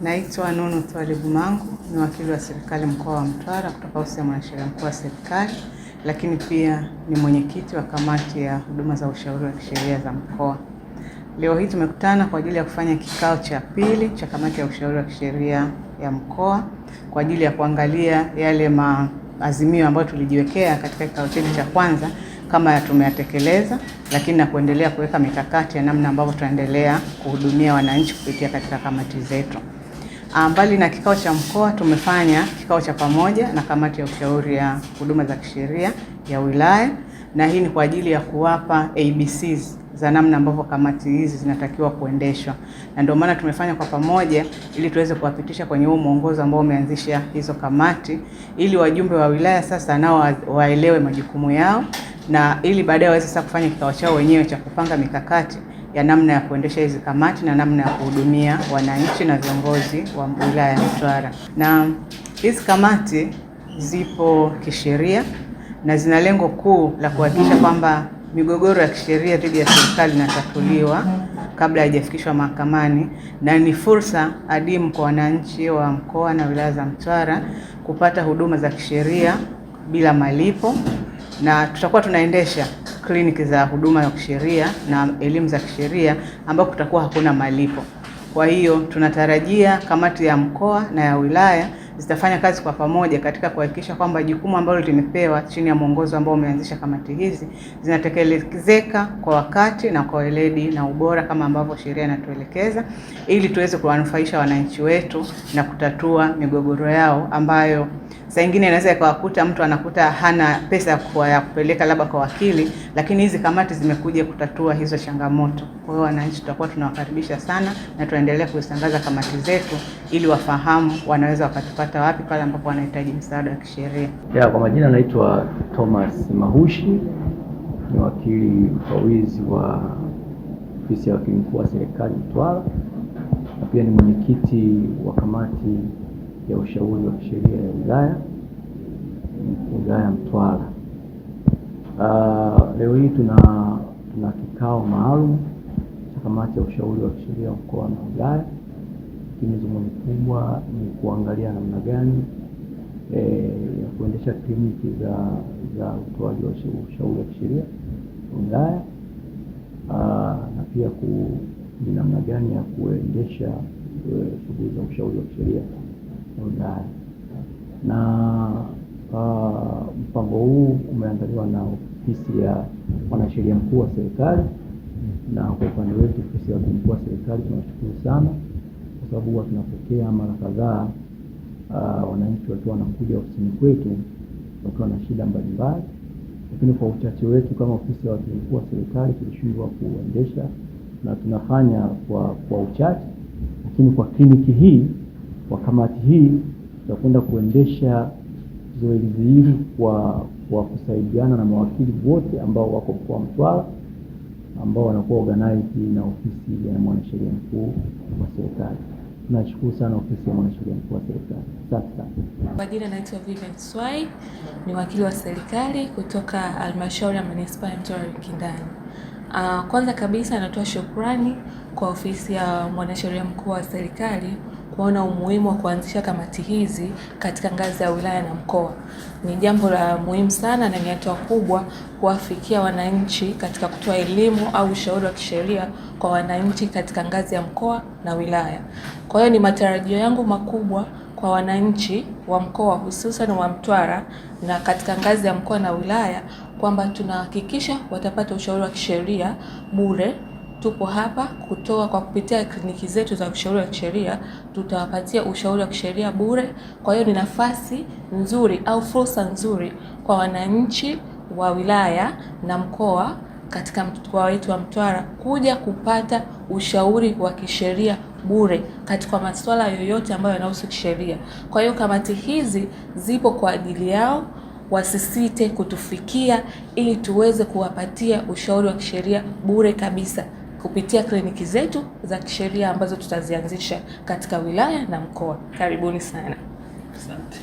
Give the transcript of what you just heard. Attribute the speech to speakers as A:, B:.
A: Naitwa Nunu Twali Bumangu, ni wakili wa serikali mkoa wa Mtwara kutoka ofisi ya mwanasheria mkuu wa serikali, lakini pia ni mwenyekiti wa kamati ya huduma za ushauri wa kisheria za mkoa. Leo hii tumekutana kwa ajili ya kufanya kikao cha pili cha kamati ya ushauri wa kisheria ya mkoa kwa ajili ya kuangalia yale maazimio ambayo tulijiwekea katika kikao chetu cha kwanza kama tumeyatekeleza, lakini na kuendelea kuweka mikakati ya namna ambavyo tunaendelea kuhudumia wananchi kupitia katika kamati zetu. Ah, mbali na kikao cha mkoa, tumefanya kikao cha pamoja na kamati ya ushauri ya huduma za kisheria ya wilaya, na hii ni kwa ajili ya kuwapa ABCs za namna ambavyo kamati hizi zinatakiwa kuendeshwa, na ndio maana tumefanya kwa pamoja ili tuweze kuwapitisha kwenye huo mwongozo ambao umeanzisha hizo kamati, ili wajumbe wa wilaya sasa nao waelewe majukumu yao, na ili baadaye waweze sasa kufanya kikao chao wenyewe cha kupanga mikakati ya namna ya kuendesha hizi kamati na namna ya kuhudumia wananchi na viongozi wa wilaya ya Mtwara. Na hizi kamati zipo kisheria na zina lengo kuu la kuhakikisha kwamba migogoro ya kisheria dhidi ya serikali inatatuliwa kabla haijafikishwa mahakamani, na ni fursa adimu kwa wananchi wa mkoa na wilaya za Mtwara kupata huduma za kisheria bila malipo, na tutakuwa tunaendesha kliniki za huduma ya kisheria na elimu za kisheria ambapo kutakuwa hakuna malipo. Kwa hiyo tunatarajia kamati ya mkoa na ya wilaya zitafanya kazi kwa pamoja katika kuhakikisha kwamba jukumu ambalo limepewa chini ya mwongozo ambao umeanzisha kamati hizi zinatekelezeka kwa wakati na kwa weledi na ubora kama ambavyo sheria inatuelekeza, ili tuweze kuwanufaisha wananchi wetu na kutatua migogoro yao ambayo saa ingine inaweza ikawakuta mtu anakuta hana pesa kwa ya kupeleka labda kwa wakili, lakini hizi kamati zimekuja kutatua hizo changamoto. Kwa hiyo wananchi tutakuwa tunawakaribisha sana na tunaendelea kuzitangaza kamati zetu ili wafahamu wanaweza wakatupa kumpata wapi pale ambapo anahitaji msaada wa kisheria.
B: Ya, kwa majina anaitwa Thomas Mahushi, ni wakili mfawizi wa ofisi ya wakili mkuu wa serikali Mtwara, na pia ni mwenyekiti wa kamati ya ushauri wa kisheria ya wilaya wilaya ya Mtwara. Uh, leo hii tuna tuna kikao maalum cha kamati ya ushauri wa kisheria mkoa na wilaya lakini mkubwa ni kuangalia namna gani eh, ya kuendesha kliniki za za utoaji wa ushauri wa kisheria wilaya, ah, na pia ni namna gani ya kuendesha eh, shughuli za ushauri wa kisheria wilaya. Na ah, mpango huu umeandaliwa na ofisi ya mwanasheria mkuu wa serikali, na kwa upande wetu ofisi ya mkuu wa serikali tunashukuru sana sababu huwa tunapokea mara kadhaa uh, wananchi wakiwa wanakuja ofisini kwetu wakiwa na shida mbalimbali, lakini kwa uchache wetu kama ofisi ya wakili mkuu wa serikali tulishindwa kuendesha na tunafanya kwa, kwa uchache, lakini kwa kliniki hii kwa kamati hii tutakwenda kuendesha zoezi hili kwa, kwa kusaidiana na mawakili wote ambao wako mkoa wa Mtwara ambao wanakuwa organized na ofisi ya mwanasheria mkuu wa serikali. Nashukuru sana ofisi ya mwanasheria mkuu wa serikali. Sasa
C: kwa jina naitwa Vivian Swai, ni wakili wa serikali kutoka halmashauri ya manispaa ya Mtwara Mikindani. Uh, ah, kwanza kabisa natoa shukrani kwa ofisi ya mwanasheria mkuu wa serikali kuona umuhimu wa kuanzisha kamati hizi katika ngazi ya wilaya na mkoa. Ni jambo la muhimu sana na ni hatua kubwa kuwafikia wananchi katika kutoa elimu au ushauri wa kisheria kwa wananchi katika ngazi ya mkoa na wilaya. Kwa hiyo ni matarajio yangu makubwa kwa wananchi wa mkoa hususan wa Mtwara na katika ngazi ya mkoa na wilaya kwamba tunahakikisha watapata ushauri wa kisheria bure tupo hapa kutoa kwa kupitia kliniki zetu za ushauri wa kisheria, tutawapatia ushauri wa kisheria bure. Kwa hiyo ni nafasi nzuri au fursa nzuri kwa wananchi wa wilaya na mkoa katika mkoa wetu wa Mtwara kuja kupata ushauri wa kisheria bure katika masuala yoyote ambayo yanahusu kisheria. Kwa hiyo kamati hizi zipo kwa ajili yao, wasisite kutufikia ili tuweze kuwapatia ushauri wa kisheria bure kabisa kupitia kliniki zetu za kisheria ambazo tutazianzisha katika wilaya na mkoa. Karibuni sana. Asante.